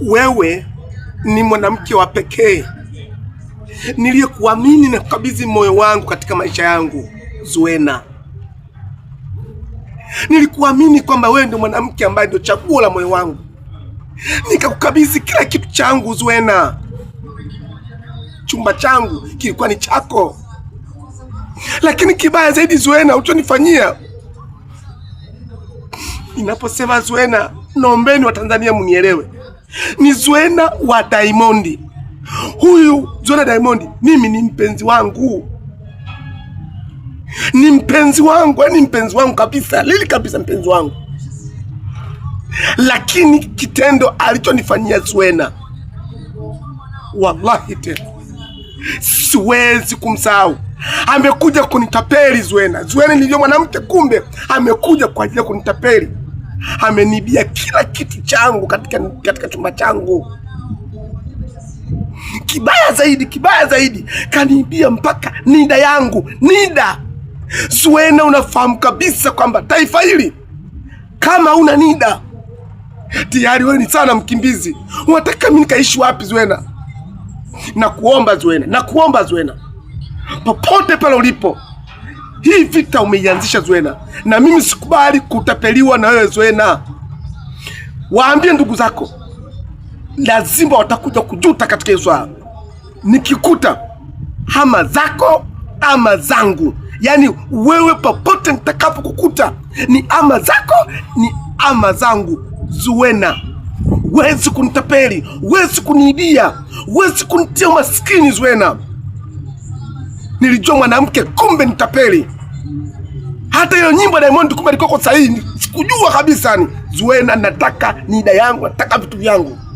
wewe ni mwanamke wa pekee niliyekuamini na kukabidhi moyo wangu katika maisha yangu. Zuena, nilikuamini kwamba wewe ndio mwanamke ambaye ndio chaguo la moyo wangu, nikakukabidhi kila kitu changu. Zuena, chumba changu kilikuwa ni chako, lakini kibaya zaidi Zuena, uchonifanyia ninaposema Zuena, naombeni Watanzania mnielewe, ni Zuena wa Diamond. Huyu Zuena Diamond mimi ni mpenzi wangu, ni mpenzi wangu, ni yaani mpenzi wangu kabisa, lili kabisa, mpenzi wangu. Lakini kitendo alichonifanyia Zuena, wallahi tena siwezi kumsahau. Amekuja kunitapeli Zuena. Zuena nilivyo mwanamke, kumbe amekuja kwa ajili ya kunitapeli amenibia kila kitu changu katika, katika chumba changu. Kibaya zaidi, kibaya zaidi, kaniibia mpaka nida yangu, nida. Zuena, unafahamu kabisa kwamba taifa hili kama una nida tayari wewe ni sana mkimbizi. Unataka mimi nikaishi wapi Zuena? Nakuomba Zuena, nakuomba Zuena, popote pale ulipo hii vita umeianzisha Zuena, na mimi sikubali kutapeliwa na wewe Zuena. Waambie ndugu zako, lazima watakuja kujuta katika hiyo swala. Nikikuta ama zako ama zangu, yaani wewe popote nitakapokukuta ni ama zako ni ama zangu. Zuena, wezi kunitapeli, wezi kuniibia, wezi kunitia umaskini Zuena nilijua mwanamke, kumbe nitapeli. Hata hiyo nyimbo Diamond, kumbe alikuwa sahihi, sikujua kabisa. Ni Zuena, nataka nida yangu, nataka vitu vyangu.